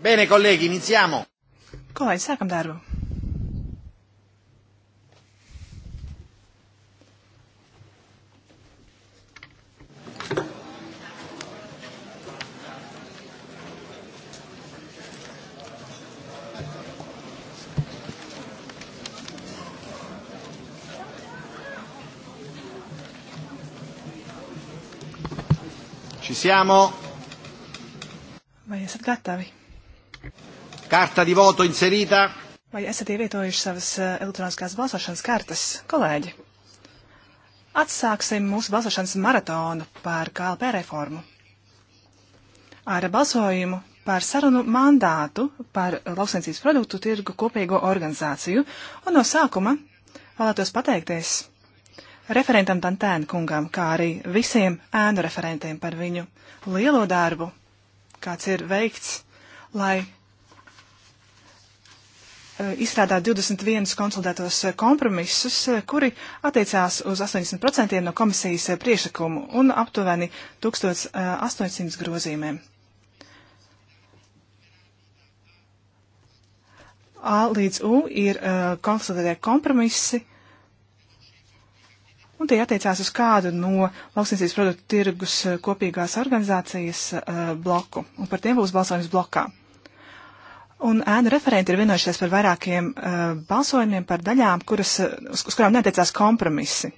Bene, kolēģi, iniciamo. Kolēģi, sākam darbu. Ci siamo. Vai esat gatavi? Karta di voto inserītā. Vai esat ievietojuši savas eh, elektroniskās balsošanas kartas, kolēģi? Atsāksim mūsu balsošanas maratonu par KLP reformu. Ar balsojumu par sarunu mandātu par lauksainicības produktu tirgu kopīgo organizāciju. Un no sākuma vēlētos pateikties referentam Dantēna kungam, kā arī visiem ēnu referentiem par viņu lielo darbu, kāds ir veikts, lai Eh, izstrādāt 21 konsultētos eh, kompromisus, eh, kuri attiecās uz 80% no komisijas priešakumu un aptuveni 1800 grozīmēm. A līdz U ir uh, konsultētie kompromisi, un tie attiecās uz kādu no lauksniecības produktu tirgus kopīgās organizācijas uh, bloku, un par tiem būs balsojums blokā. Un ēnu referenti ir vienojušies par vairākiem uh, balsojumiem, par daļām, kuras, uz, uz kurām neteicās kompromisi.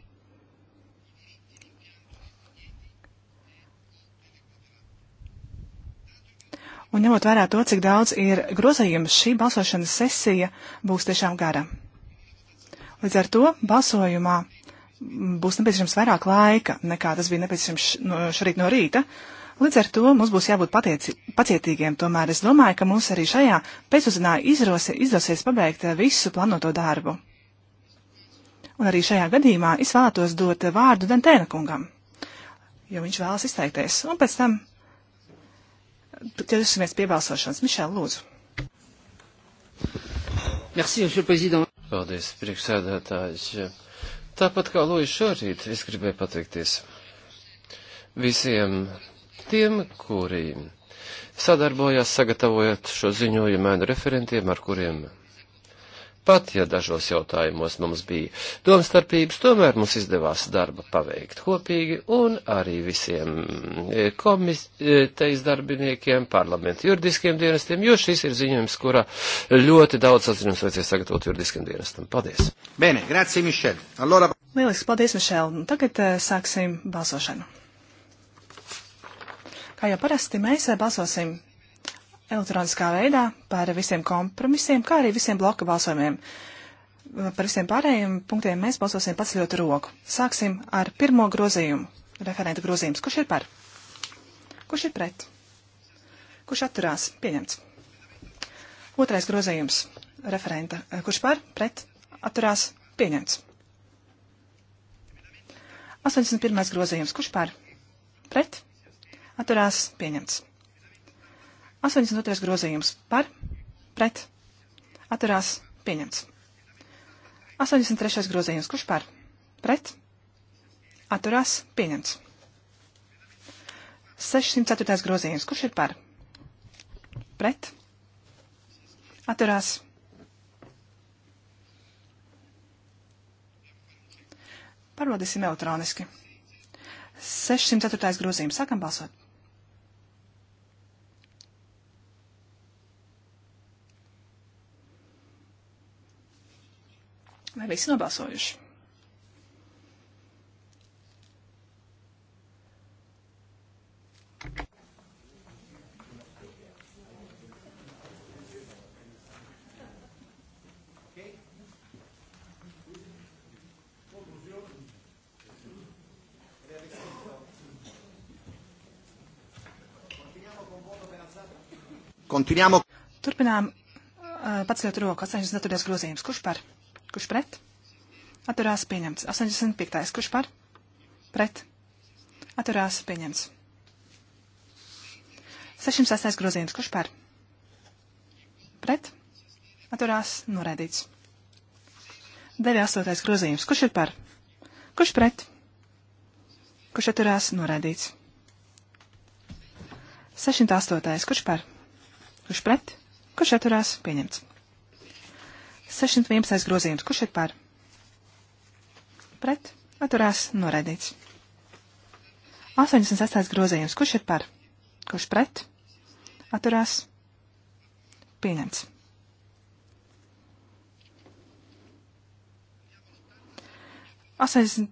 Un ņemot vērā to, cik daudz ir grozījumu, šī balsošanas sesija būs tiešām gara. Līdz ar to balsojumā būs nepieciešams vairāk laika, nekā tas bija nepieciešams no, šorīt no rīta. Uh, Līdz ar to mums būs jābūt patieci, pacietīgiem, tomēr es domāju, ka mums arī šajā pēcpusdienā izdosies pabeigt eh, visu plānoto darbu. Un arī šajā gadījumā es vēlētos dot vārdu Dantēna kungam, jo viņš vēlas izteikties. Un pēc tam ķersimies pie balsošanas. Mišēl, lūdzu. Merci, monsieur le président. Paldies, priekšsēdētājs. Tāpat kā Lūija šorīt, es gribēju pateikties visiem tiem, kuri sadarbojās sagatavojot šo ziņojumu ēnu referentiem, ar kuriem pat, ja dažos jautājumos mums bija domstarpības, tomēr mums izdevās darba paveikt kopīgi un arī visiem eh, komitejas darbiniekiem, parlamentu juridiskiem dienestiem, jo šis ir ziņojums, kura ļoti daudz atziņums vajadzēja sagatavot juridiskiem dienestam. Paldies! Bene, grazie, Mišel! Allora... Lieliski, paldies, Mišel! Tagad uh, sāksim balsošanu. Kā jau parasti, mēs balsosim elektroniskā veidā par visiem kompromisiem, kā arī visiem bloka balsojumiem. Par visiem pārējiem punktiem mēs balsosim paceļot roku. Sāksim ar pirmo grozījumu, referenta grozījums. Kurš ir par? Kurš ir pret? Kurš atturās? Pieņemts. Otrais grozījums, referenta. Kurš par? Pret? Atturās? Pieņemts. 81. grozījums. Kurš par? Pret? atturās pieņemts. 82. grozījums par, pret, atturās pieņemts. 83. grozījums kurš par, pret, atturās pieņemts. 604. grozījums kurš ir par, pret, atturās pieņemts. Pārbaudīsim elektroniski. 604. grozījums. Sākam balsot. Vai visi nobalsojuši? Continuiamo. Turpinām uh, pacelt rokas 84. grozījums. Kurš par? Kurš pret? Atturās pieņemts. 85. Kurš par? Pret. Atturās pieņemts. 606. grozījums. Kurš par? Pret. Atturās noraidīts. 98. grozījums. Kurš ir par? Kurš pret? Kurš atturās noraidīts? 608. Kurš par? Kurš pret? Kurš atturās? Pieņemts. 611. grozījums. Kurš ir par? Pret? Atturās? Noraidīts. 88. grozījums. Kurš ir par? Kurš pret? Atturās? Pieņemts. Asaizn...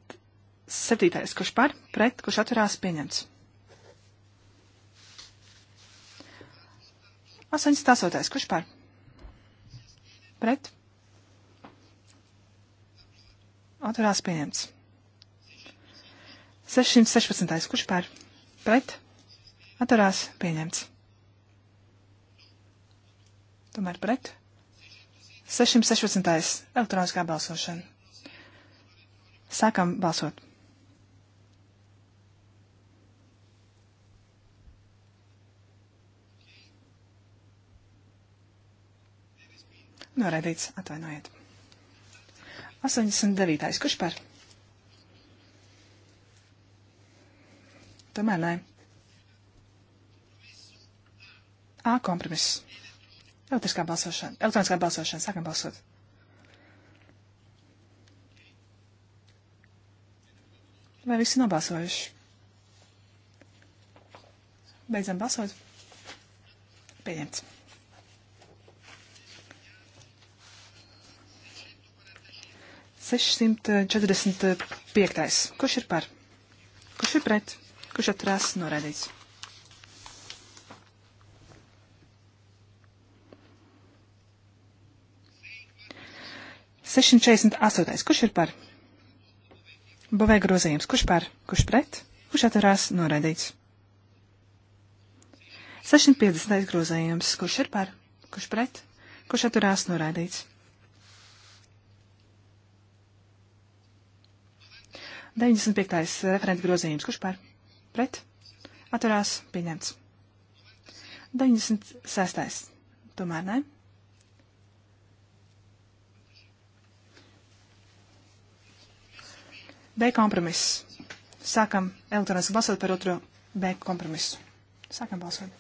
Septītais, kurš par, pret, kurš atturās, pieņemts. 88. Kurš par? Pret? Atturās pieņemts. 616. Kurš par? Pret? Atturās pieņemts. Tomēr pret? 616. elektroniskā balsošana. Sākam balsot. Noraidīts, atvainojiet. 89. Kurš par? Tomēr nē. A kompromiss. Elektriskā balsošana. Elektroniskā balsošana. Sākam balsot. Vai visi nobalsojuši? Beidzam balsot. Pieņemts. 645. Eh, eh, Kurš ir par? Kurš ir pret? Kurš atturās norādīts? Sešsimt četrdesmit astotais. Kurš ir par? Bovē grozījums. Kurš par? Kurš pret? Kurš atturās norādīts? 650. grozējums. Kurš ir par? Kurš pret? Kurš atturās norādīts? 95. Eh, referenta grozījums. Kurš par? Pret? Atturās. Pieņemts. 96. Tomēr nē. B kompromiss. Sākam elektroniski balsot par otro B kompromisu. Sākam balsot.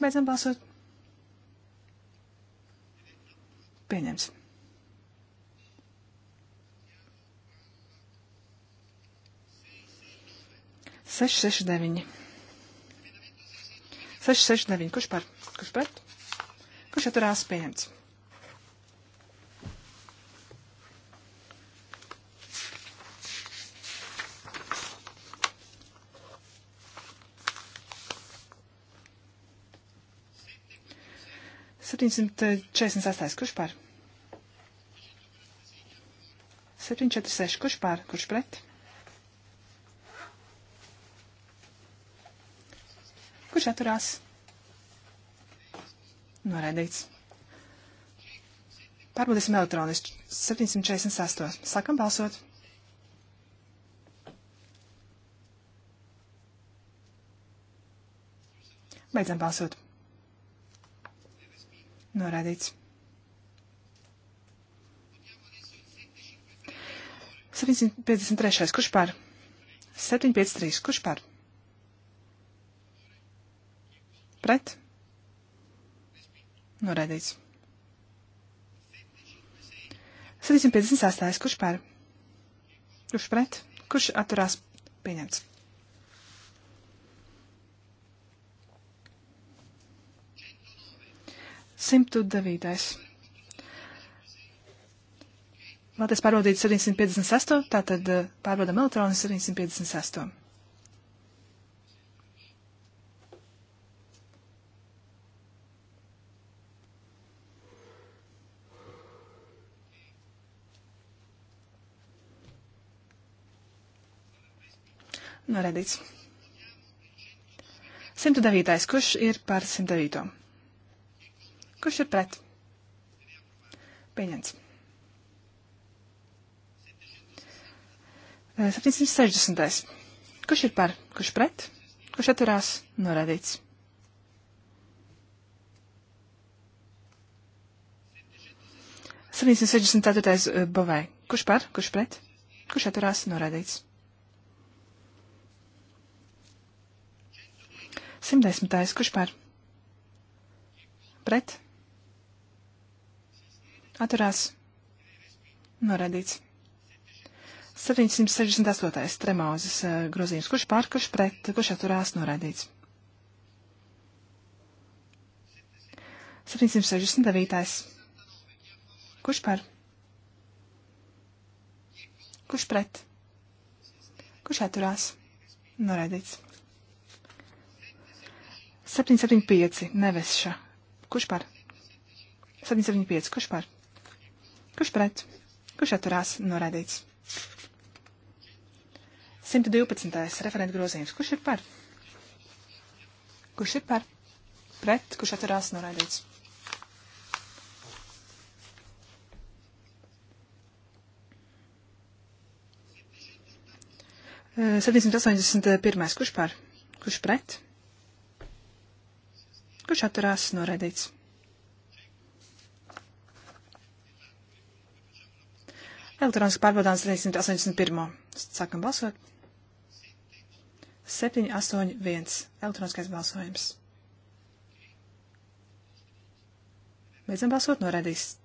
Beidzam balsot. Pieņemts. 669. 669. Kurš par? Kurš pret? Kurš atturās pieņemts? Septiņsimt četrdesmit sastais. Kurš par? Septiņ četrdesmit seši. Kurš par? Kurš pret? kurš atturās. Noraidīts. Pārbaudīsim elektroniski. 748. Sākam balsot. Beidzam balsot. Noraidīts. 753. Kurš par? 753. Kurš par? pret noraidīts. 758. Kurš par? Kurš pret? Kurš atturās pieņemts? Simtu devītais. Vēlaties pārbaudīt 758, tātad eh, pārbaudam elektronu 758. Noredīts. Nu, 109. Kurš ir par 109? Kurš ir pret? Pieņemts. 760. Eh, Kurš ir par? Kurš pret? Kurš atturās? Norādīts. Nu, 764. Eh, bovē. Kurš par? Kurš pret? Kurš atturās? Norādīts. Nu, 110. Kurš par? Pret? Atturās. Noraidīts. 768. Tremauzes eh, grozījums. Kurš par, kurš pret, kurš atturās noraidīts? 769. Kurš par? Kurš pret? Kurš atturās? Noraidīts. 775, neveša. Kurš par? 775, kurš par? Kurš pret? Kurš atturās norādīts? 112. referenta grozījums. Kurš ir par? Kurš ir par? Pret? Kurš atturās norādīts? Uh, 781. Kurš par? Kurš pret? kurš atturās noraidīts. Elektroniski pārbaudāms 381. Sākam balsot. 781. Elektroniskais balsojums. Beidzam balsot noraidīts.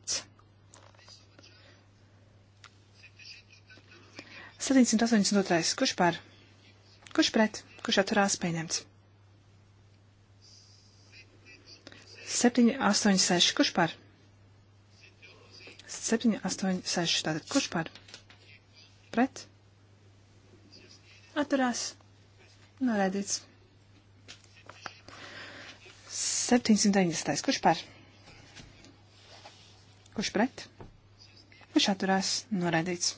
782. Kurš par? Kurš pret? Kurš atturās pieņemts? 7, 8, 6. Kurš par? 7, 8, 6. Tātad kurš par? Pret? Atturās. Norēdīts. 790. Kurš par? Kurš pret? Kurš atturās? Norēdīts.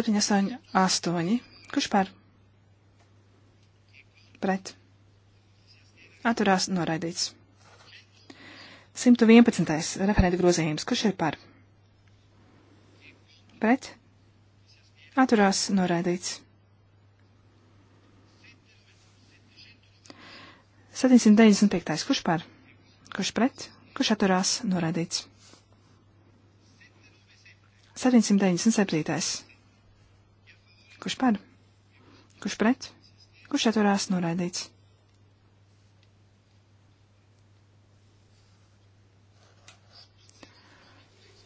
7, 8, 8. Kurš par? Pret? atturās noraidīts. 111. referenta grozījums. Kurš ir par? Pret? Atturās noraidīts. 795. Kurš par? Kurš pret? Kurš atturās noraidīts? 797. Kurš par? Kurš pret? Kurš atturās noraidīts?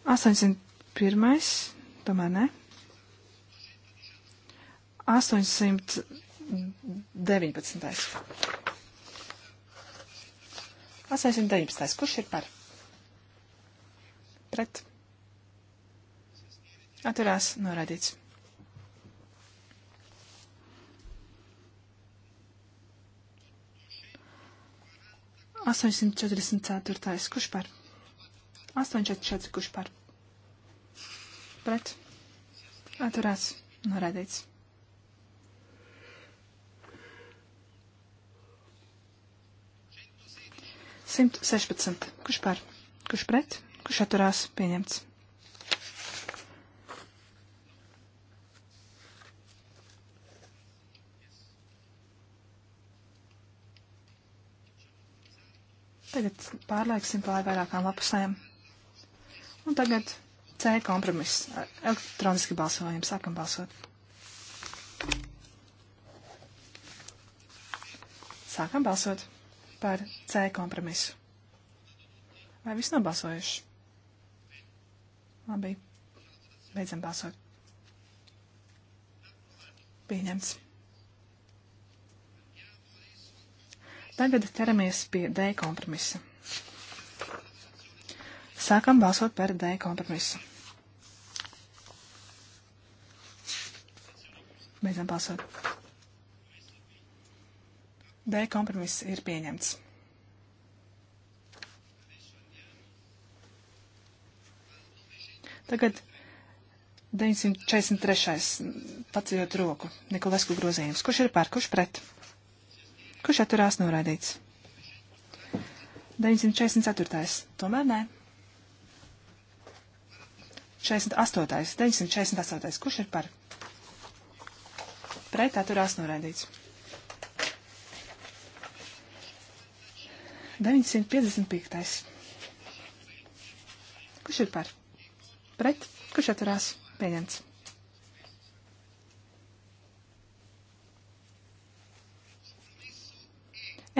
801. Tomēr ne. 819. 819. Kurš ir par? Pret. Atturās norādīts. Astoņsimt četrdesmit ceturtais. Kurš par? 8,44, kurš par pret atturās norādīts. Simt sešpadsmit. Kurš par? Kurš pret? Kurš atturās? Pieņemts. Tagad pārlaiksim pāri vairākām lapusēm. Un tagad C kompromiss. Elektroniski balsojam. Sākam balsot. Sākam balsot par C kompromisu. Vai viss nobalsojuši? Labi. Beidzam balsot. Pieņemts. Tagad ķeramies pie D kompromisa. Sākam balsot par D kompromisu. Beidzam balsot. D kompromiss ir pieņemts. Tagad 943. paceļot roku. Nikolesku grozījums. Kurš ir par, kurš pret? Kurš atturās norādīts? 944. Tomēr nē. 948. 948. Kurš ir par? Pret atturās noraidīts. 955. Kurš ir par? Pret? Kurš atturās? Pieņemts. 9.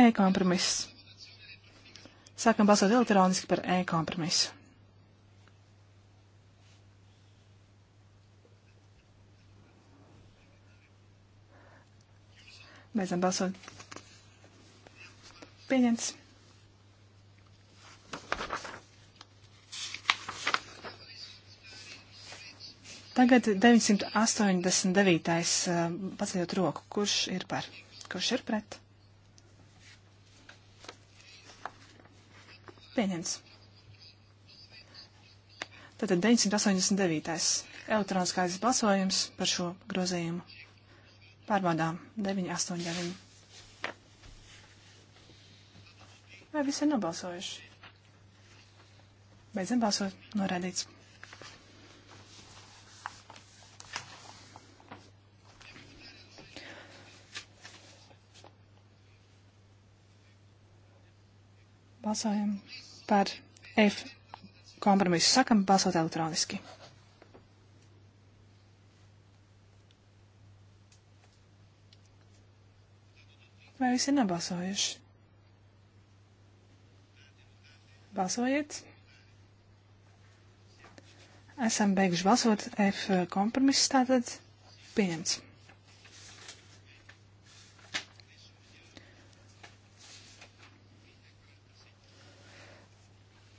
E-kompromiss. Sākam balsot elektroniski par E-kompromisu. Beidzam balsot. Pieņemts. Tagad 989. Eh, paceļot roku. Kurš ir par? Kurš ir pret? Pieņemts. Tātad 989. elektroniskais balsojums par šo grozījumu. Pārbaudām 989. Vai visi ir nobalsojuši? Beidzam balsot, norādīts. Balsojam par F kompromisu. Sakam balsot elektroniski. Vai visi ir nobalsojuši? Balsojiet! Esam beiguši balsot. F eh, kompromiss tātad pieņemts.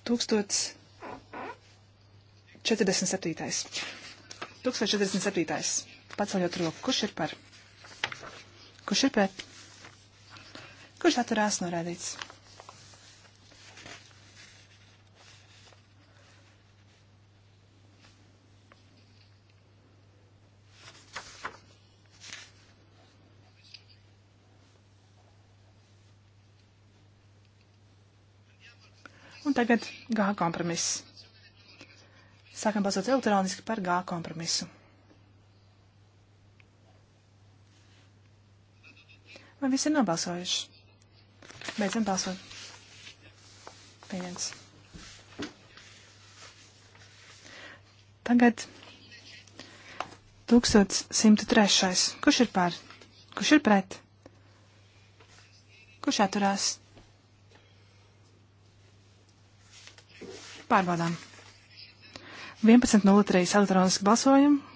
Tūkstots 47. 1047. Paceļot roku. Kurš ir par? Kurš ir pret? kurš atturās norādīts. Un tagad G kompromiss. Sākam balsot elektroniski par G kompromisu. Vai visi ir nobalsojuši? Beidzam balsot. Pieņemts. Tagad 1103. Kurš ir pār? Kurš ir pret? Kurš atturās? Pārbaudām. 11.03. elektroniski balsojumu.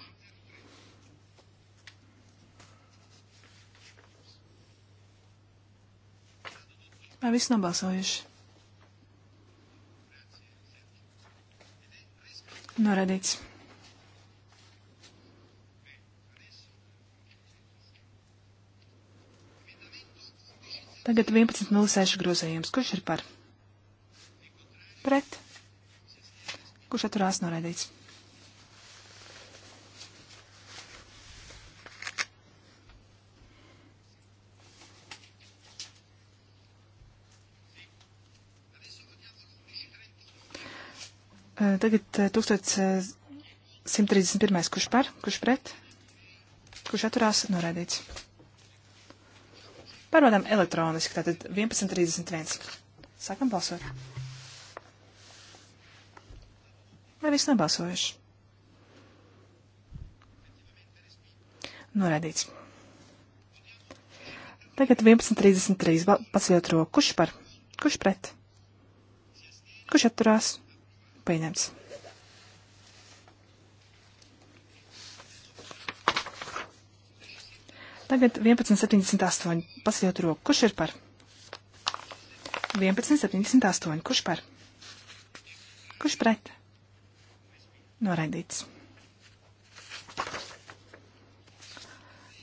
Vai viss nobalsojuši? Noradīts. Tagad 11.06 grozējums. Kurš ir par? Pret. Kurš atturās noraidīts? Eh, tagad 1131. Eh, eh, kurš par, kurš pret, kurš atturās, norādīts. Pārvadām elektroniski, tātad 11.31. Sākam balsot. Vai viss nebalsojuši? Norēdīts. Tagad 11.33. Paceļot roku. Kurš par? Kurš pret? Kurš atturās? Pieņemts. Tagad 11.78. Pasļaut roku. Kurš ir par? 11.78. Kurš par? Kurš pret? Noraidīts.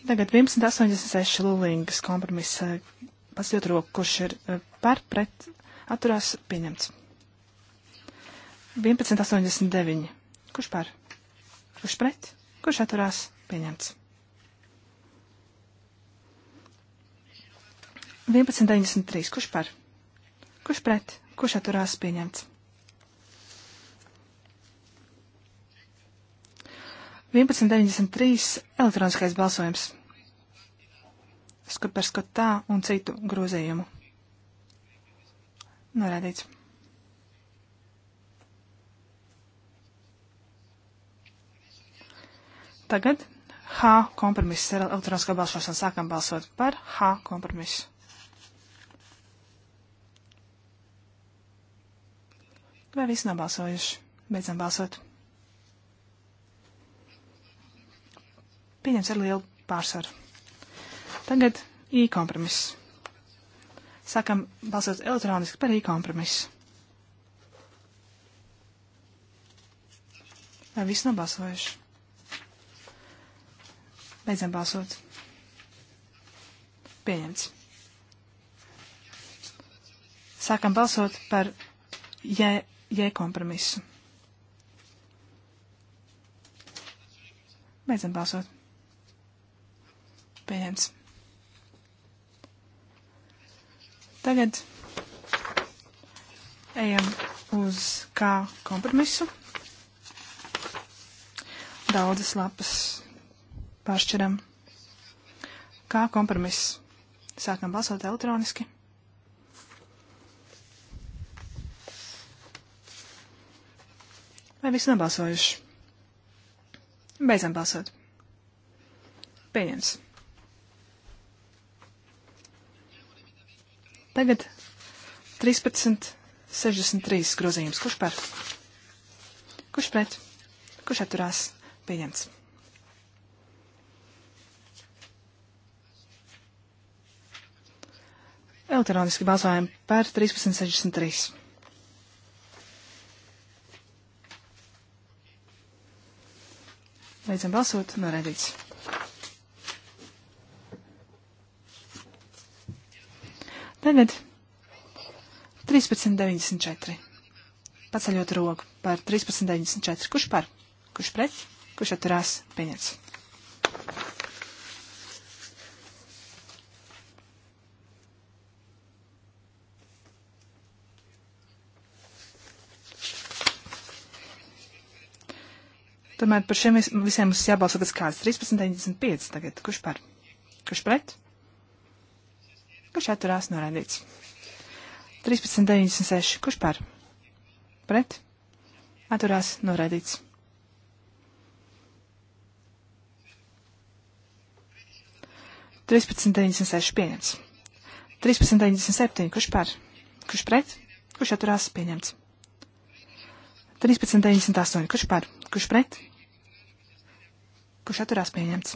Tagad 11.86. Lulīgas kompromiss. Pasļaut roku. Kurš ir eh, par? Pret? Atturās. Pieņemts. 11,89. Kurš par? Kurš pret? Kurš atturās? Pieņemts. 11,93. Kurš par? Kurš pret? Kurš atturās? Pieņemts. 11,93. Elektroniskais balsojums. Skur par skotā un citu grozījumu. Norādīts. Tagad H kompromiss ir elektroniskā balsošana. Sākam balsot par H kompromisu. Vai visi nobalsojuši? Beidzam balsot. Pieņems ar lielu pārsvaru. Tagad I kompromiss. Sākam balsot elektroniski par I kompromisu. Vai visi nobalsojuši? Beidzam balsot. Pieņemts. Sākam balsot par J, J kompromisu. Beidzam balsot. Pieņemts. Tagad ejam uz kā kompromisu. Daudzas lapas pāršķiram. Kā kompromiss? Sākam balsot elektroniski. Vai visi nobalsojuši? Beidzam balsot. Pieņems. Tagad 13.63 grozījums. Kurš par? Kurš pret? Kurš atturās? Pieņemts. Elektroniski balsojam par 1363. Beidzam balsot, norēdīts. 9, 13,94. Paceļot roku par 13,94. Kurš par? Kurš pret? Kurš atturās? Pieņemts. Tomēr par šiem visiem mums jābalso pēc kādas 13.95 tagad. Kurš par? Kurš pret? Kurš atturās norādīts? 13.96. Kurš par? Pret? Atturās norādīts. 13,96 pieņemts. 13,97 kurš par? Kurš pret? Kurš atturās pieņemts? 13,98 kurš par? Kurš pret? kurš atturās pieņemts.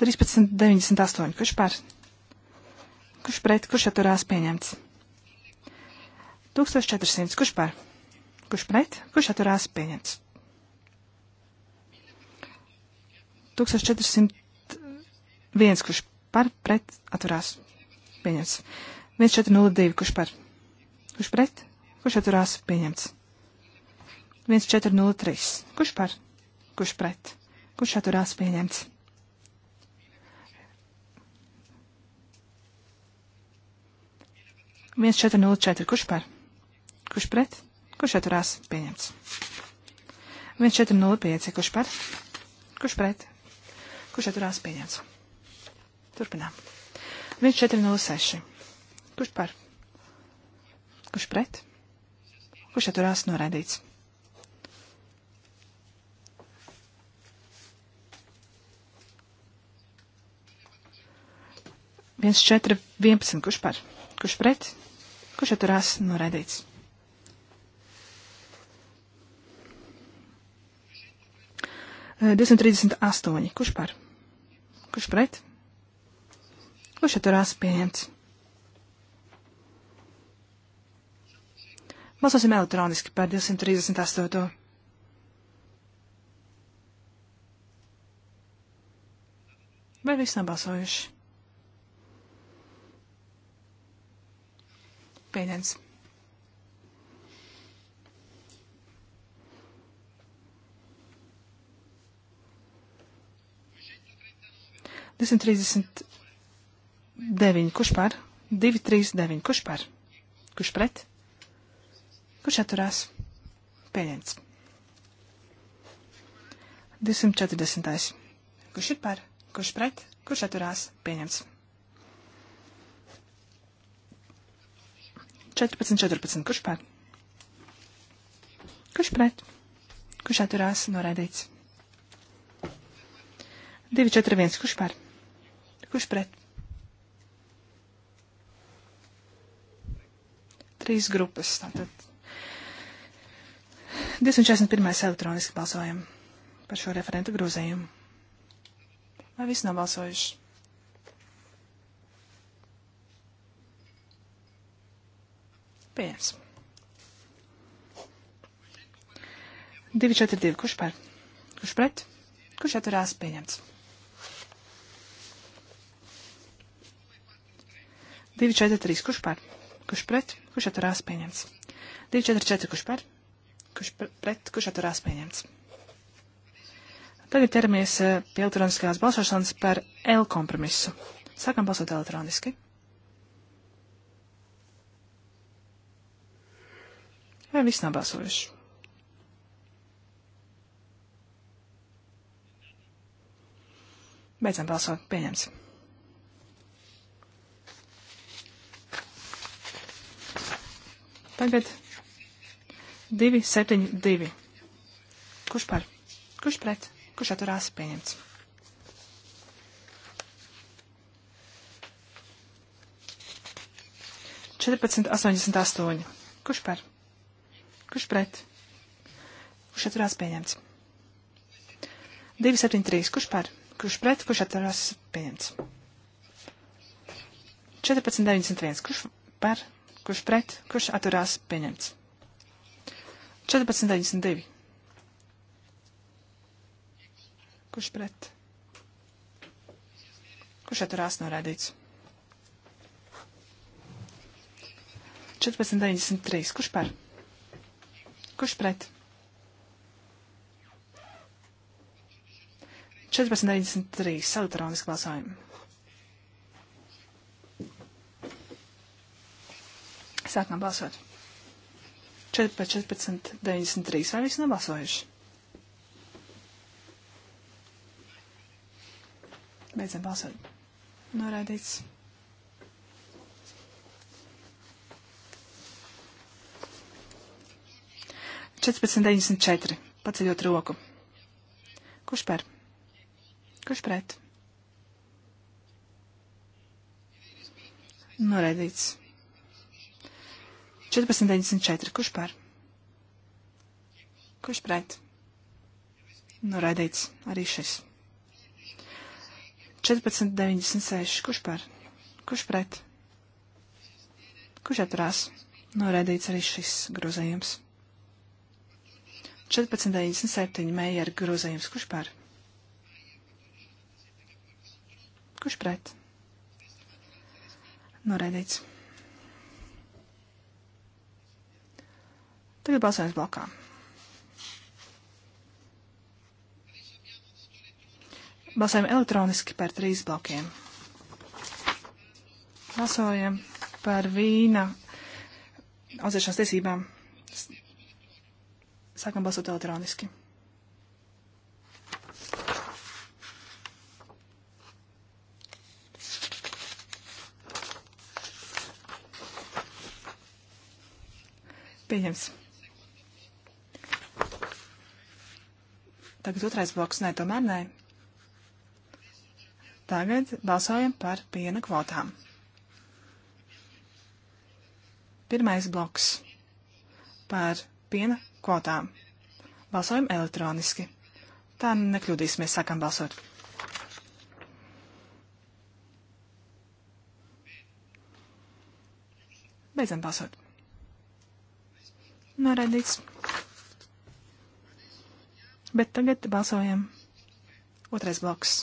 13,98, kurš par, kurš pret, kurš atturās pieņemts. 1400, kurš par, kurš pret, kurš atturās pieņemts. 1401, kurš par, pret, atturās pieņemts. 1402, kurš par, kurš pret, kurš atturās pieņemts. 1403, kurš par, kurš pret, kurš atturās pieņemts. viens četri nulle četri. Kurš par? Kurš pret? Kurš atturās? Pieņemts. viens četri nulle pieci. Kurš par? Kurš pret? Kurš atturās? Pieņemts. Turpinām. viens četri nulle seši. Kurš par? Kurš pret? Kurš atturās? Noraidīts. 1, 4, 11. Kurš par? Kurš pret? Kurš atturās noraidīts? E, 238. Kurš par? Kurš pret? Kurš atturās pieņemts? Balsosim elektroniski par 238. Vai viss nobalsojuši? Pieņems. Desmit trīsdesmit deviņi. Kurš par? Divi trīs deviņi. Kurš par? Kurš pret? Kurš atturās? Pieņems. 240. Kurš ir par? Kurš pret? Kurš atturās? Pieņems. 14, 14. Kurš pār? Kurš pret? Kurš atturās norādīts? 2, 4, 1. Kurš pār? Kurš pret? Trīs grupas. Tātad 241. elektroniski balsojam par šo referentu grozējumu. Vai viss nav balsojuši? Pieņemts. 242. Kurš par? Kurš pret? Kurš atturās? Pieņemts. 243. Kurš par? Kurš pret? Kurš atturās? Pieņemts. 244. Kurš par? Kurš pret? Kurš atturās? Pieņemts. Tagad ķeramies eh, pie elektroniskās balsošanas par L kompromisu. Sākam balsot elektroniski. 243. Vai viss nobalsojuši? Beidzam balsot. Pieņems. Tagad 2, 7, 2. Kurš par? Kurš pret? Kurš atturās? Pieņemts. Četrpadsmit astoņdesmit astoņi. Kurš par? Kurš pret? Kurš atturās pieņemts? 273. Kurš par? Kurš pret? Kurš atturās pieņemts? 1491. Kurš par? Kurš pret? Kurš atturās pieņemts? 1492. Kurš pret? Kurš atturās norādīts? 1493. Kurš par? Kurš pret? 14.93. Elektroniski balsojumi. Sākam balsot. 14.93. Vai visi nobalsojuši? Beidzam balsot. Norādīts. 1494. Paceļot roku. Kurš par? Kurš pret? Noraidīts. 1494. Kurš par? Kurš pret? Noraidīts arī šis. 1496. Kurš par? Kurš pret? Kurš atturās? Noraidīts arī šis grozījums. 14.97 mēja ar grozējums. Kurš par? Kurš pret? Noraidīts. Tagad balsojums blokā. Balsojam elektroniski par trīs blokiem. Balsojam par vīna audzēšanas tiesībām Sākam balsot elektroniski. Pieņems. Tagad otrais bloks, nē, tomēr nē. Tagad balsojam par piena kvotām. Pirmais bloks par piena kvotām. Balsojam elektroniski. Tā nekļūdīsimies, sākam balsot. Beidzam balsot. Noraidīts. Bet tagad balsojam. Otrais bloks.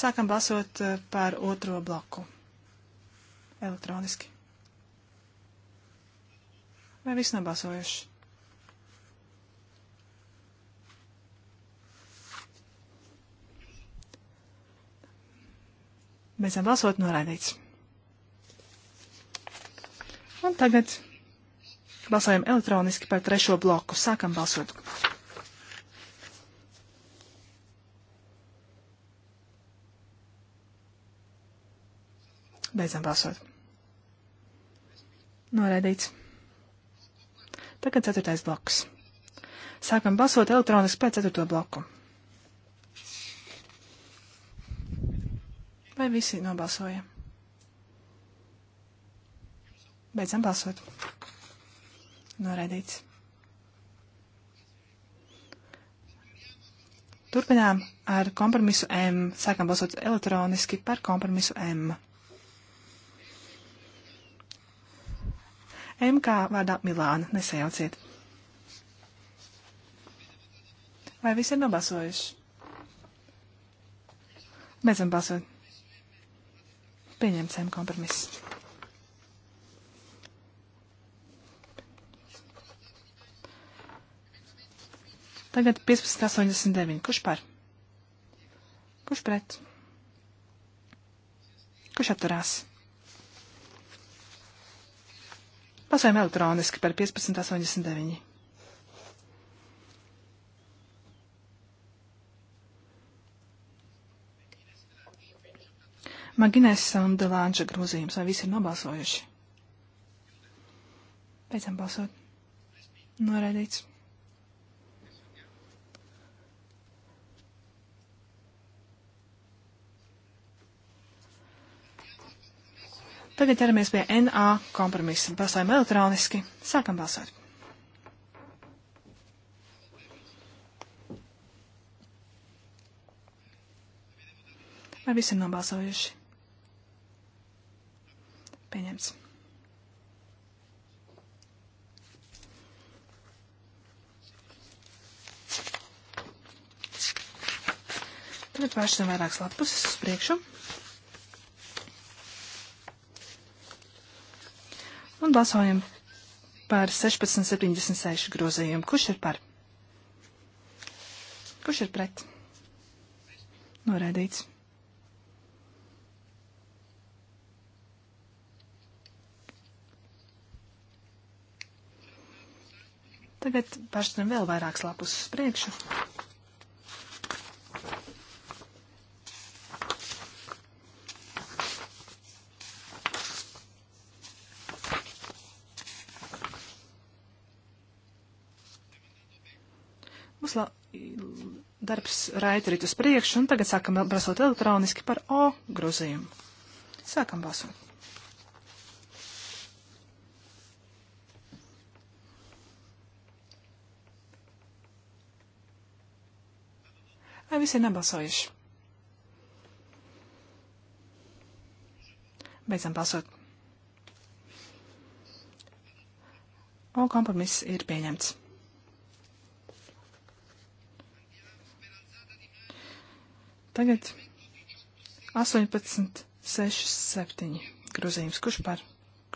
Sākam balsot eh, par otro bloku. Elektroniski. Vai viss nobalsojuši? Beidzam balsot noraidīts. Un tagad balsojam elektroniski par trešo bloku. Sākam balsot. Beidzam balsot. Noraidīts. Tagad ceturtais bloks. Sākam balsot elektroniski pēc ceturto bloku. Vai visi nobalsoja? Beidzam balsot. Noraidīts. Turpinām ar kompromisu M. Sākam balsot elektroniski par kompromisu M. MK vārdā Milāna. Nesajauciet. Vai visi ir nobalsojuši? Beidzam balsot. Pieņemts M kompromiss. Tagad 15.89. Kurš par? Kurš pret? Kurš atturās? Balsojam elektroniski par 1589. Maginēs un Delāņģa grozījums, vai visi ir nobalsojuši? Beidzam balsot. Noraidīts. Tagad ķeramies pie NA kompromisa. Balsojam elektroniski. Sākam balsot. Vai visi ir nobalsojuši? Pieņemts. Tagad pāršķiram vairākas lapuses uz priekšu. Un balsojam par 1676 grozījumu. Kurš ir par? Kurš ir pret? Norēdīts. Tagad pašstam vēl vairākus lapus uz priekšu. Darbs raiterit uz priekšu, un tagad sākam balsot elektroniski par O grozījumu. Sākam balsot. Vai visi ir nebalsojuši? Beidzam balsot. O kompromiss ir pieņemts. Tagad 18, 6, 7 grozījums. Kurš par?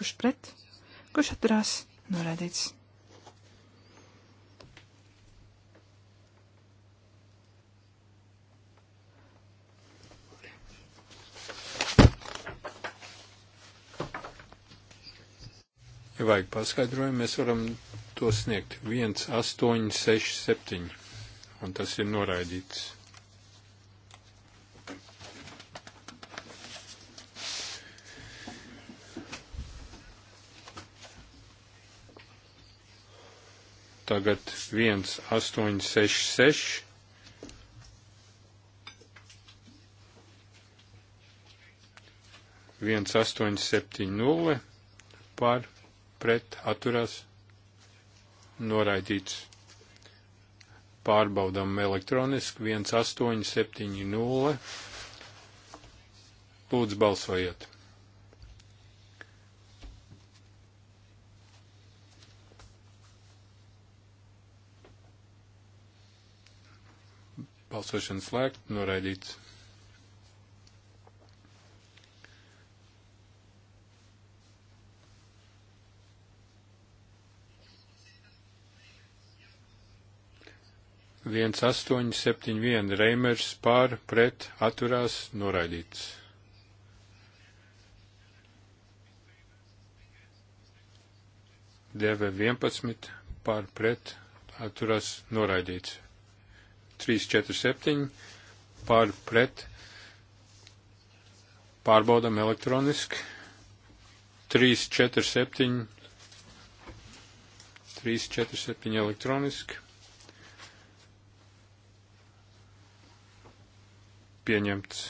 Kurš pret? Kurš atturās? Norādīts. Ja vajag paskaidrojumu, mēs varam to sniegt 1, 8, 6, 7, un tas ir noraidīts. tagad 1866. viens astoņi septiņi nulle pār pret atturās noraidīts. Pārbaudam elektroniski 1870. Lūdzu balsojiet! Balsošana slēgta, noraidīts. viens astoņi septiņi vieni Reimers pār pret atturās noraidīts. DV 11 pār pret atturās noraidīts. 347 par pret pārbaudam elektroniski 347 347 elektroniski pieņemts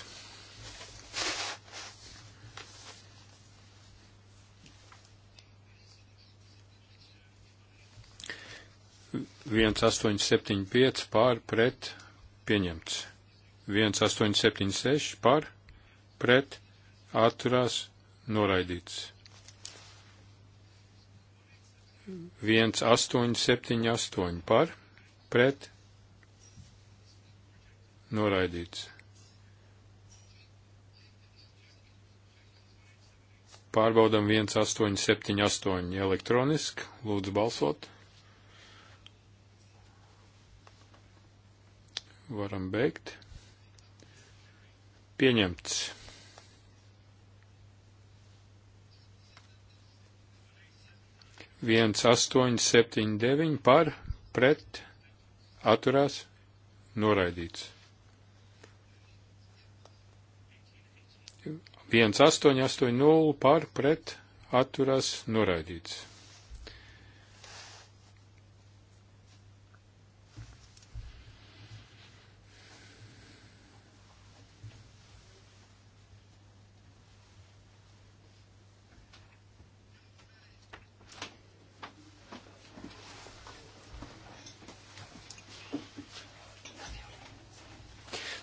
1875 pār pret pieņemts. 1876 par pret atturās noraidīts. 1878 par pret noraidīts. Pārbaudam 1878 elektroniski, lūdzu balsot. Varam beigt. Pieņemts. viens astoņi septiņi deviņi par, pret, atturās, noraidīts. viens astoņi astoņi nulli par, pret, atturās, noraidīts.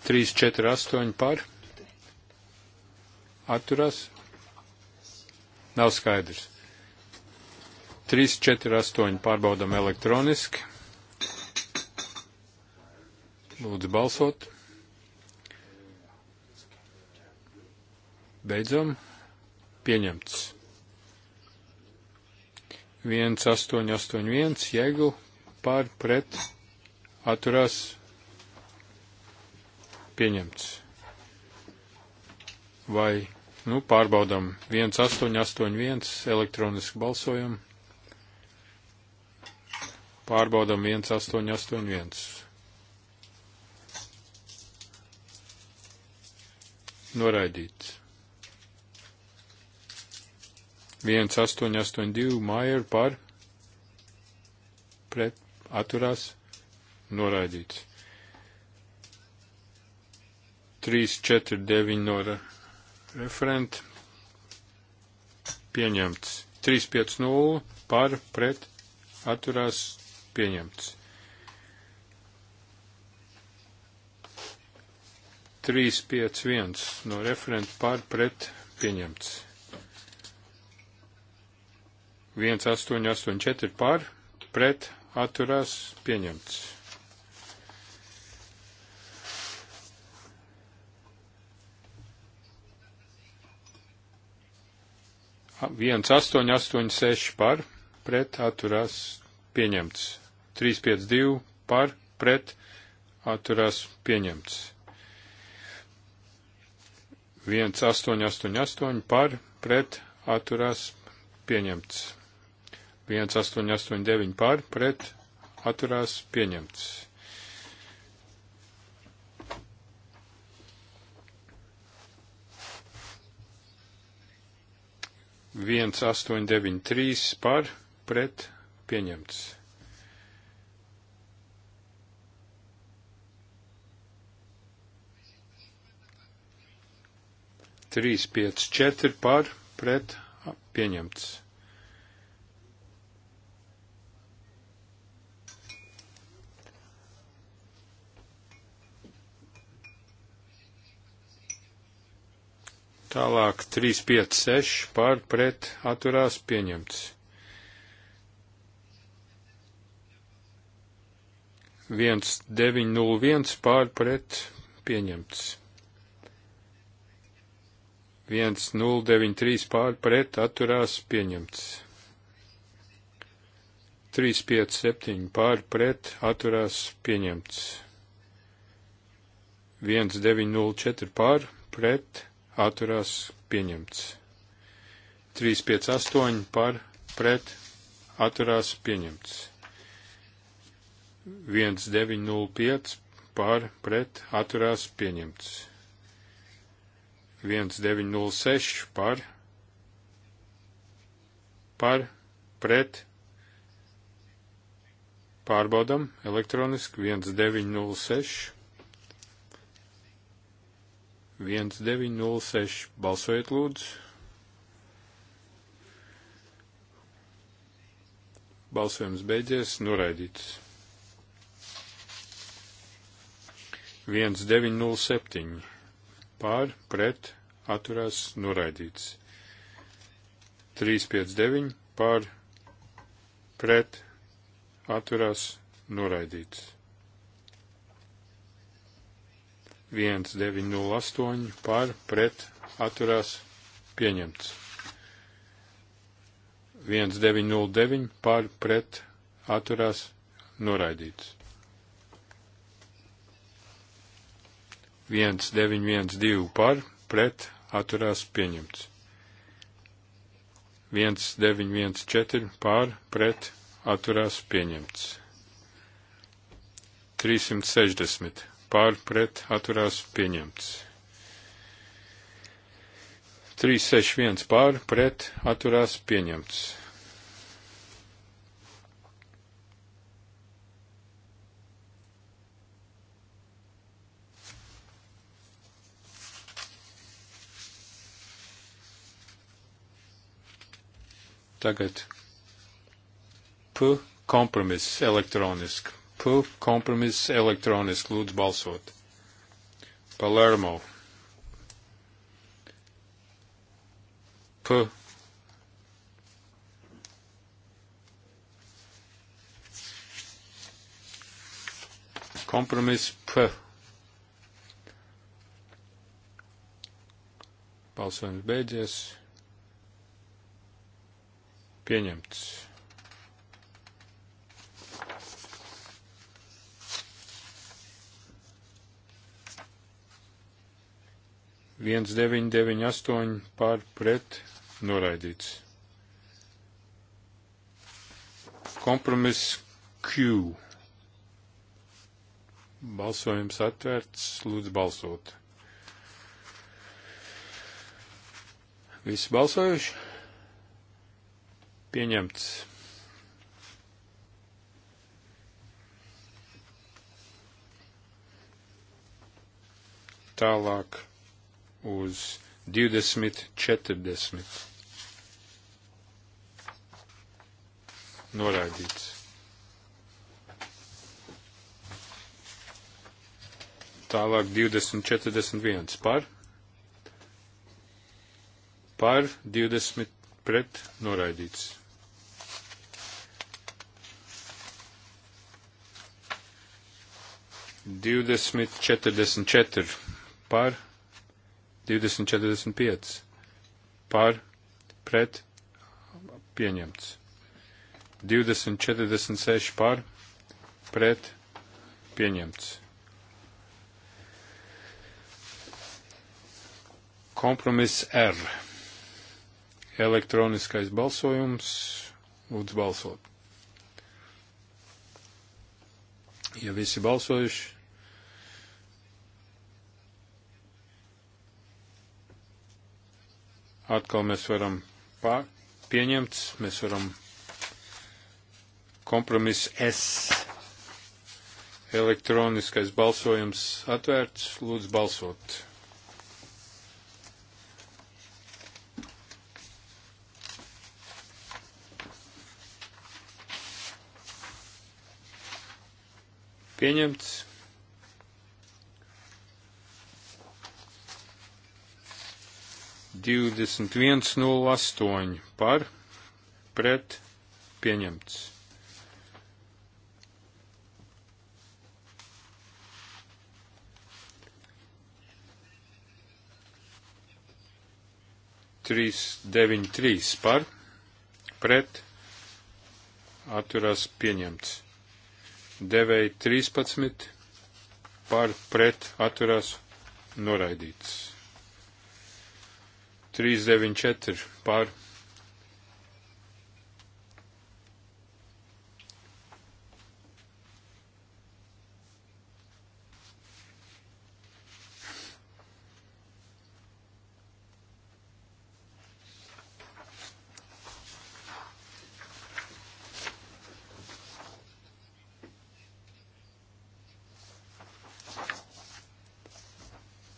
3, 4, 8 par. Atturās. Nav skaidrs. 3, 4, 8 pārbaudam elektroniski. Lūdzu balsot. Beidzam. Pieņemts. 1, 8, 8, 1 jēgu pār pret atturās pieņemts. Vai, nu, pārbaudam 1881 elektronisku balsojumu. Pārbaudam 1881. Noraidīts. 1882 Maier par pret atturās noraidīts. 349 no referenta pieņemts. 350 par pret atturās pieņemts. 351 no referenta par pret pieņemts. 1884 par pret atturās pieņemts. 1886 par, pret atturās pieņemts. 352 par, pret atturās pieņemts. 1888 par, pret atturās pieņemts. 1889 par, pret atturās pieņemts. 1893 par pret pieņemts. Trīs piec četri par pret pieņemts. Tālāk 356 pār pret atturās pieņemts. 1901 pār pret pieņemts. 1093 pār pret atturās pieņemts. 357 pār pret atturās pieņemts. 1904 pār pret atturās pieņemts. 358 par pret atturās pieņemts. 1905 par pret atturās pieņemts. 1906 par par pret pārbaudam elektroniski 1906 1906. Balsojiet lūdzu. Balsojums beidzies, noraidīts. 1907. Pār, pret, atturās, noraidīts. 359. Pār, pret, atturās, noraidīts. 1908 par pret atturās pieņemts. 1909 par pret atturās noraidīts. 1912 par pret atturās pieņemts. 1914 pār pret atturās pieņemts. 360 pār pret atturās pieņemts. 361 pār pret atturās pieņemts. Tagad P kompromiss elektroniski P kompromiss elektroniski lūdzu balsot. Palermo. P. Kompromiss P. Balsojums beidzies. Pieņemts. 1998 pār pret noraidīts. Kompromiss Q. Balsojums atvērts, lūdzu balsot. Visi balsojuši? Pieņemts. Tālāk uz 2040. Noraidīts. Tālāk 2041 par, par 20 pret noraidīts. Divdesmit četrdesmit četri par 2045 par pret pieņemts. 2046 par pret pieņemts. Kompromiss R. Elektroniskais balsojums. Lūdzu balsot. Ja visi balsojuši, atkal mēs varam pieņemt, mēs varam kompromiss S. Elektroniskais balsojums atvērts, lūdzu balsot. Pieņemts. 2108 par pret pieņemts. Trīs deviņi trīs par pret atturās pieņemts. Devēji trīspadsmit par pret atturās noraidīts. 394 pār.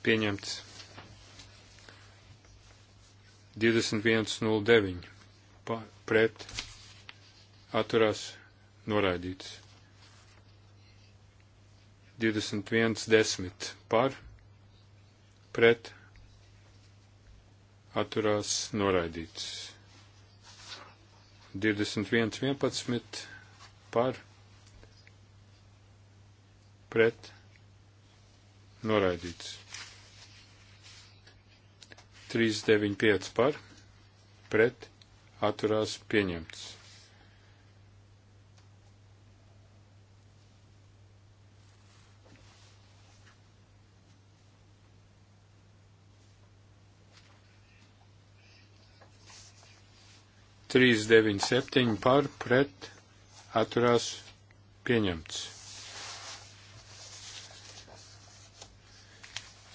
Pieņemts. 21.09. Pret atturās noraidīts. 21.10. Par pret atturās noraidīts. 21.11. Par pret noraidīts. 395 par, pret, atturās pieņemts. Trīs deviņi septiņi par pret atturās pieņemts.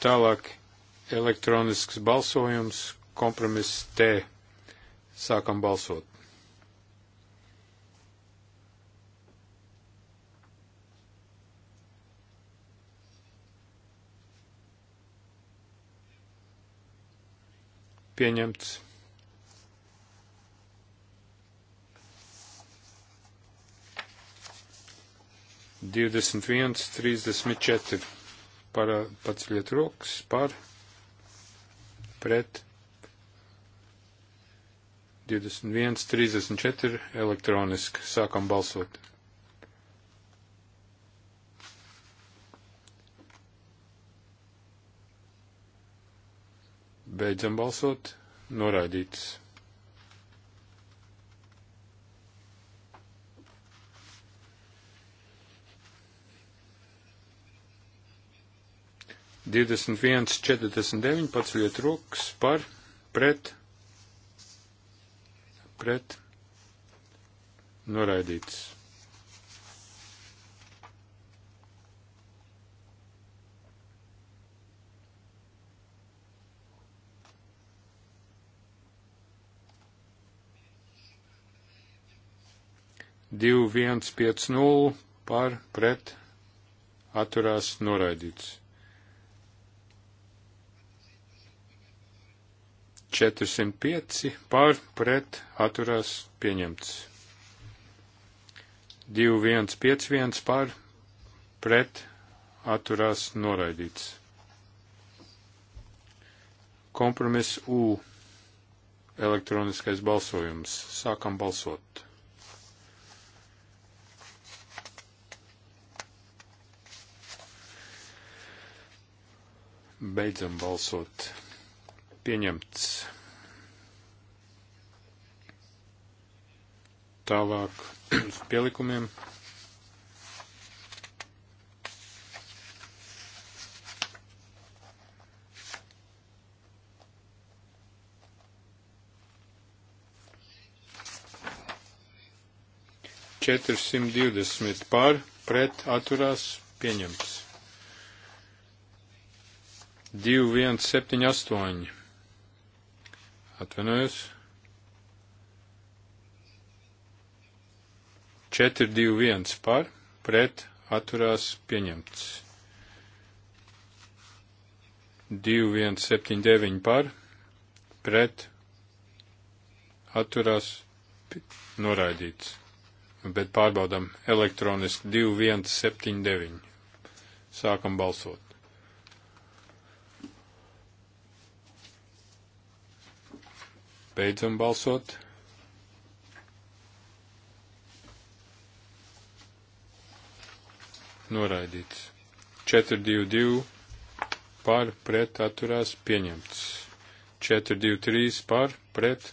Tālāk elektronisks balsojums, kompromiss T. Sākam balsot. Pieņemts. Divdesmit viens, trīsdesmit četri. Paceļiet rokas par pret 21, 34 elektroniski. Sākam balsot. Beidzam balsot. Noraidīts. 21.49 paceļiet rokas par pret, pret, noraidīts. Divi viens piec nulle par pret atturās noraidīts. 405 pār pret atturās pieņemts. 2151 pār pret atturās noraidīts. Kompromiss U elektroniskais balsojums. Sākam balsot. Beidzam balsot pieņemts. Tālāk uz pielikumiem. Četrsimt divdesmit pār, pret atturās pieņemts. Divi, viens, septiņi, astoņi. Atvainojos. 4, 2, 1 par, pret, atturās pieņemts. 2, 1, 7, 9 par, pret, atturās noraidīts. Bet pārbaudam elektroniski 2, 1, 7, 9. Sākam balsot. Beidzam balsot. Noraidīts. 422 par pret atturās pieņemts. 423 par pret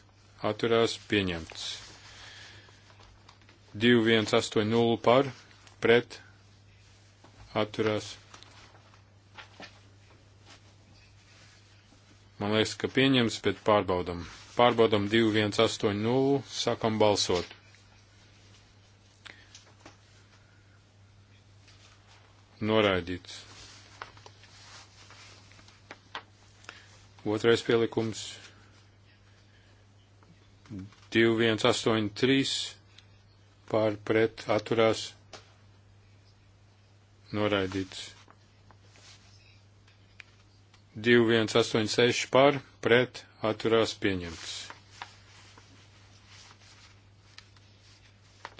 atturās pieņemts. 2180 par pret atturās. Man liekas, ka pieņems, bet pārbaudam pārbaudam 2180, sākam balsot. Noraidīts. Otrais pielikums 2183 pār pret atturās noraidīts. 2186 pār pret atturās pieņemts.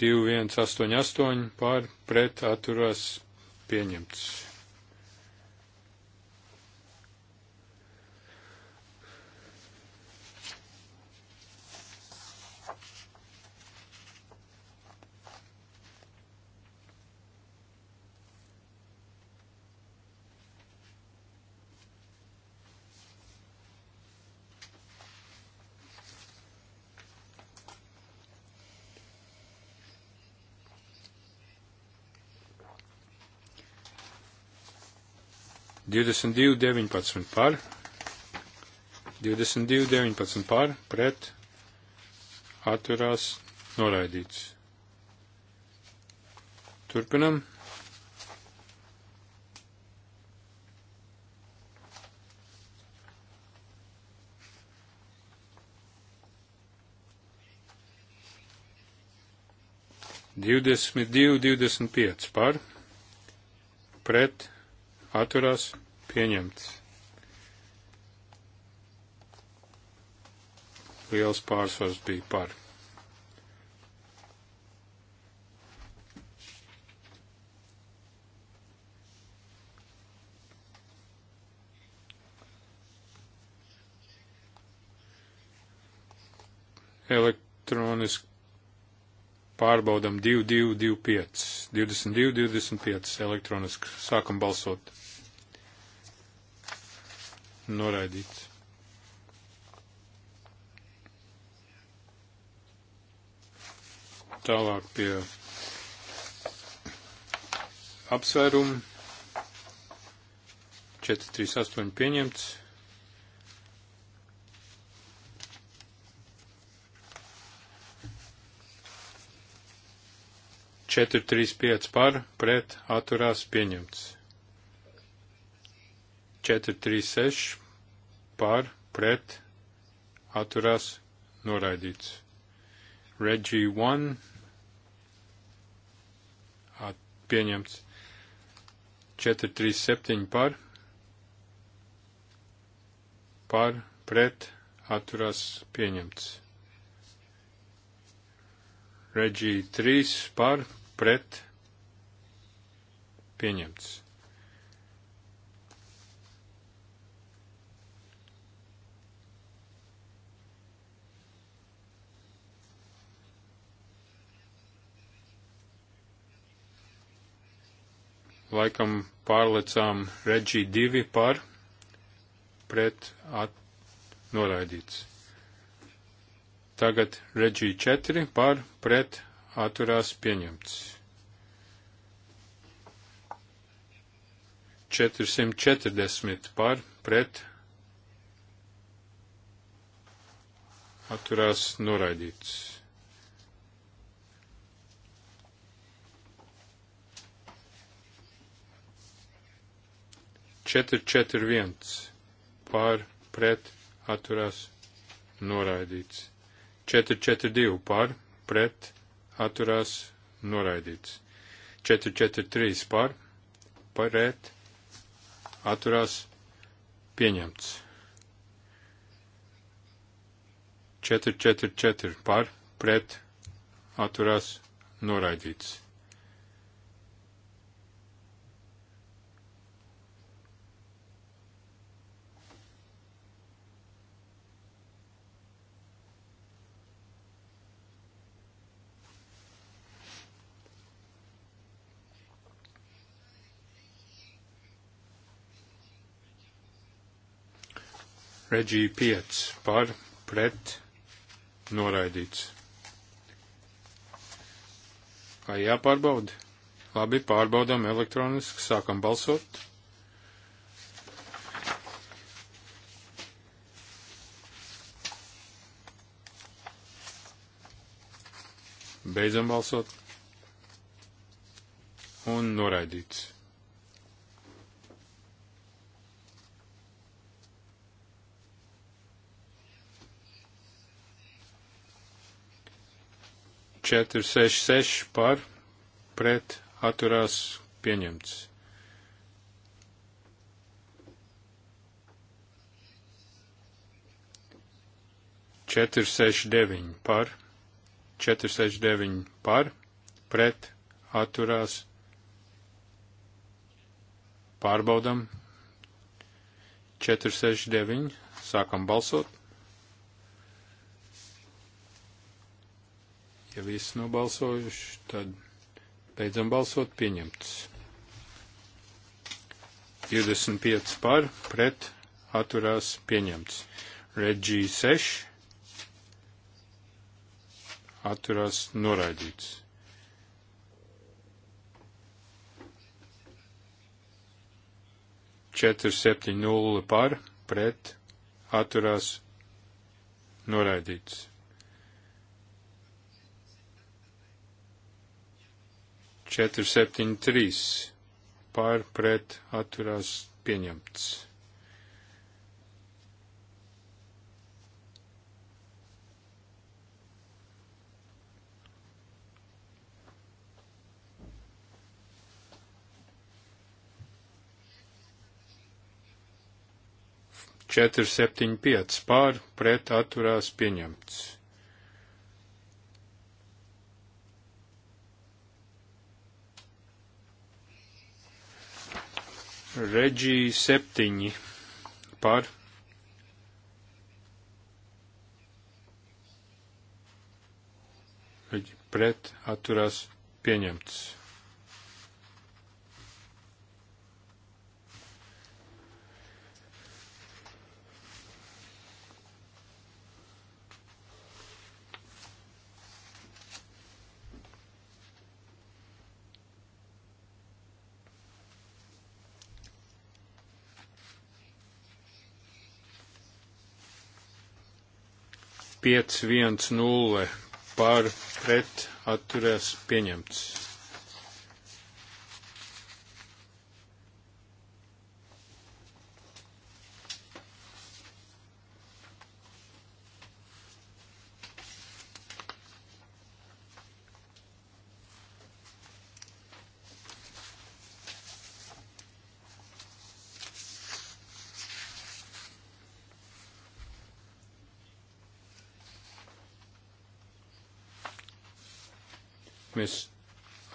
2188 pār pret atturās pieņemts. 22, 19 par, 22, 19 par, pret, atturās, noraidīts. Turpinam. Divdesmit divi, divdesmit pieci par, pret, atturās pieņemts. Liels pārsvars bija par. Elektroniski pārbaudam 2225, 2225 elektroniski. Sākam balsot. Noraidīts. Tālāk pie apsvērumu. 438 pieņemts. 435 par, pret, atturās pieņemts. 436 par, pret, atturās noraidīts. Reggie 1 at, pieņemts. 437 par, par, pret, atturās pieņemts. Reggie 3 par, pret pieņemts. laikam pārlecām Reģī 2 par pret at, noraidīts. Tagad Reģī 4 par pret atturās pieņemts. 440 par pret atturās noraidīts. Četri, četri, viens, pār, pret, atturās, noraidīts. Četri, četri, divi, pār, pret, atturās noraidīts. 443 par, pret, atturās pieņemts. 444 par, pret, atturās noraidīts. Regī 5 par pret noraidīts. Vai jāpārbauda? Labi, pārbaudām elektroniski, sākam balsot. Beidzam balsot. Un noraidīts. 466 par pret atturās pieņemts. Četri seši deviņi par, četri seši deviņi par, pret, atturās, pārbaudam, četri seši deviņi, sākam balsot. Ja viss nobalsojuši, tad beidzam balsot pieņemts. 25 par, pret, atturās pieņemts. Regija 6 atturās noraidīts. Četri septiņi nulli par, pret, atturās noraidīts. 473 pār pret atturās pieņemts. Četri septiņi pieci pār pret atturās pieņemts. Reģija 7 par pret atturās pieņemts. 510 par pret atturēs pieņemts.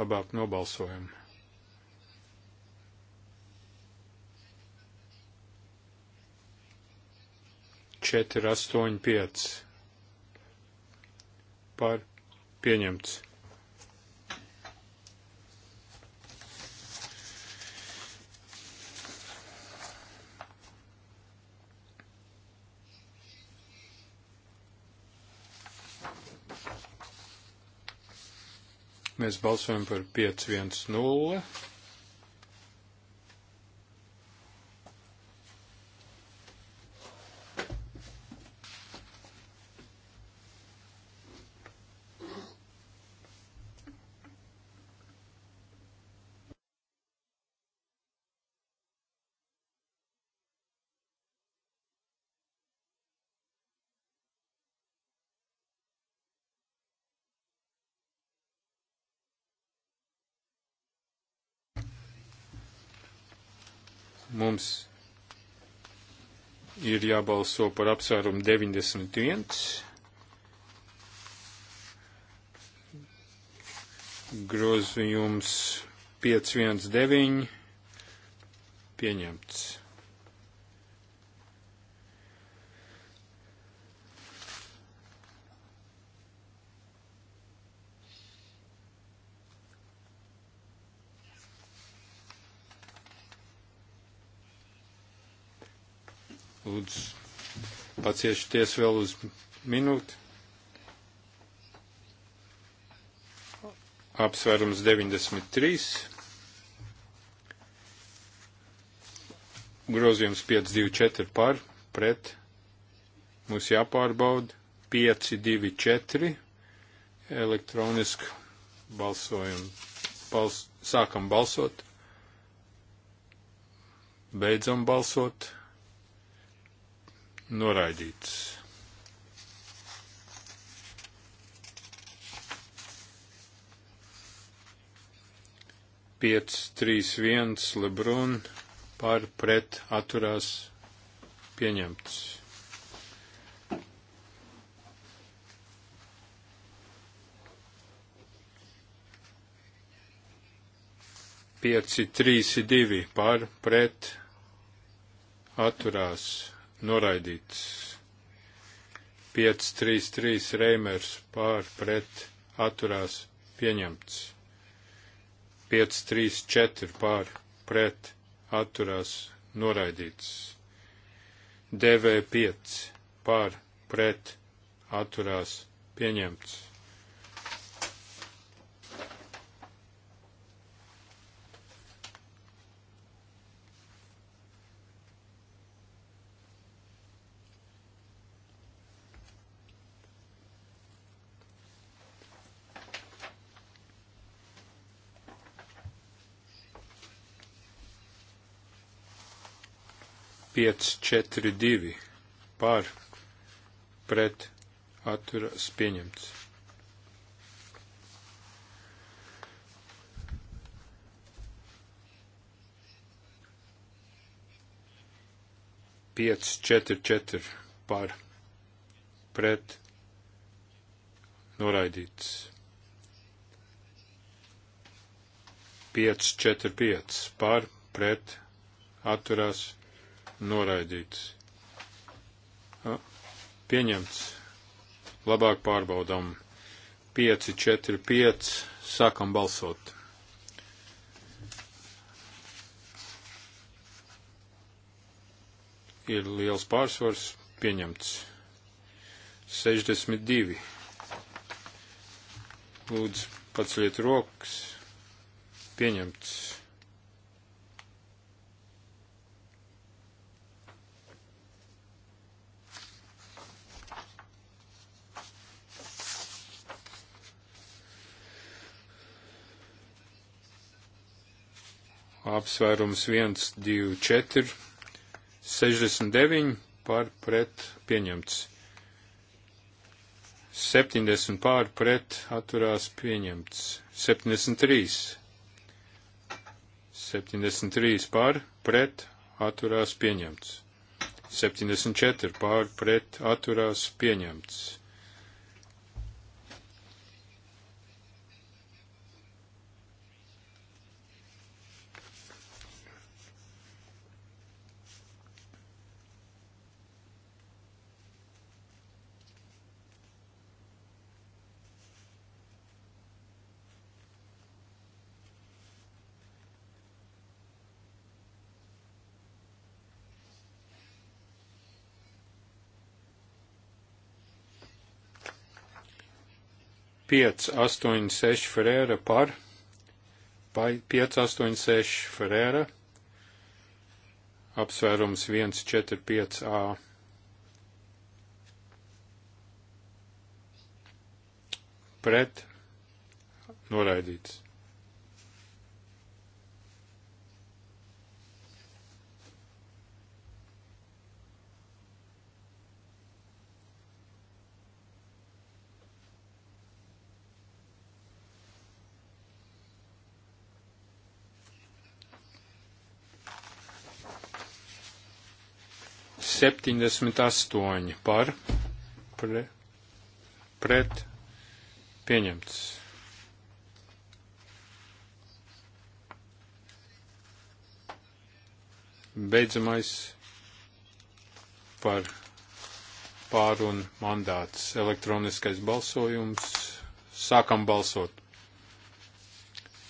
labāk nobalsojam. Četri, astoņi, pieci. Par pieņemts. Mēs balsojam par 5-1-0. mums ir jābalso par apsvērumu 91. Grozījums 519 pieņemts. Lūdzu, paciešieties vēl uz minūti. Apsvērums 93. Grozījums 524 par, pret. Mums jāpārbauda 524 elektroniski balsojumu. Bals, sākam balsot. Beidzam balsot noraidīts. Piec, trīs, viens, Lebrun par pret atturās pieņemts. Pieci, trīs, divi par pret atturās pieņemts noraidīts. 5-3-3 Reimers pār pret atturās pieņemts. 5-3-4 pār pret atturās noraidīts. DV5 pār pret atturās pieņemts. 542 par pret atturas pieņemts. Piec, četri, četri par pret noraidīts. 5, 4, 5 par pret atturās pieņemts noraidīts. Pieņemts. Labāk pārbaudām. 5, 4, 5. Sākam balsot. Ir liels pārsvars. Pieņemts. 62. Lūdzu, paceliet rokas. Pieņemts. apsvērums 1, 2, 4, 69 par pret pieņemts. 70 pār pret atturās pieņemts. 73. 73 pār pret atturās pieņemts. 74 pār pret atturās pieņemts. 5, 8, 6 Ferēra par, 5, 8, 6 Ferēra, apsvērums 1, 4, 5 A. Pret noraidīts. 78 par, pre, pret, pieņemts. Beidzamais par pārunu mandāts, elektroniskais balsojums. Sākam balsot.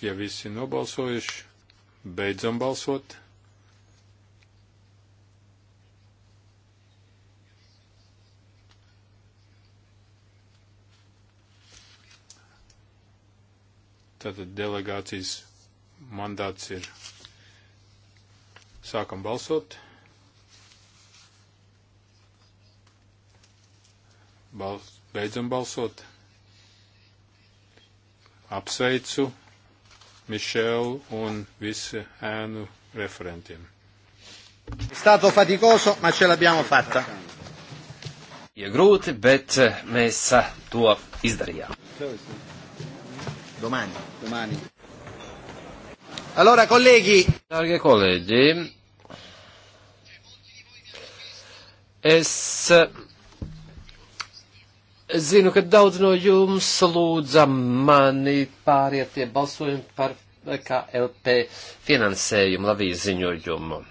Ja visi nobalsojuši, beidzam balsot. Tātad delegācijas mandāts ir. Sākam balsot. Bals, beidzam balsot. Apsveicu Mišelu un visu ēnu referentiem. Stato faticoso, ma ce l'abbiamo fatta. Ir grūti, bet eh, mēs eh, to izdarījām. Tev, tev. Domani. Domani. Allora, colleghi. Darghe colleghi, es zinu, ka daudz no jums lūdza mani pāriet pie balsojuma par KLP finansējumu lavīju ziņojumu.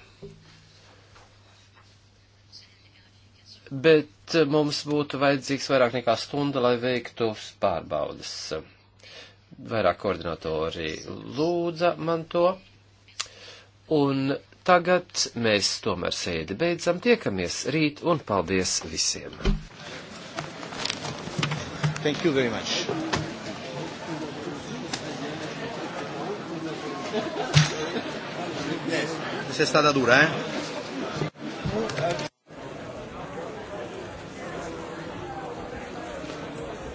Bet mums būtu vajadzīgs vairāk nekā stunda, lai veiktu pārbaudas vairāk koordinatori lūdza man to. Un tagad mēs tomēr sēdi beidzam, tiekamies rīt un paldies visiem. Thank you very much. Yes. Se è stata dura, eh?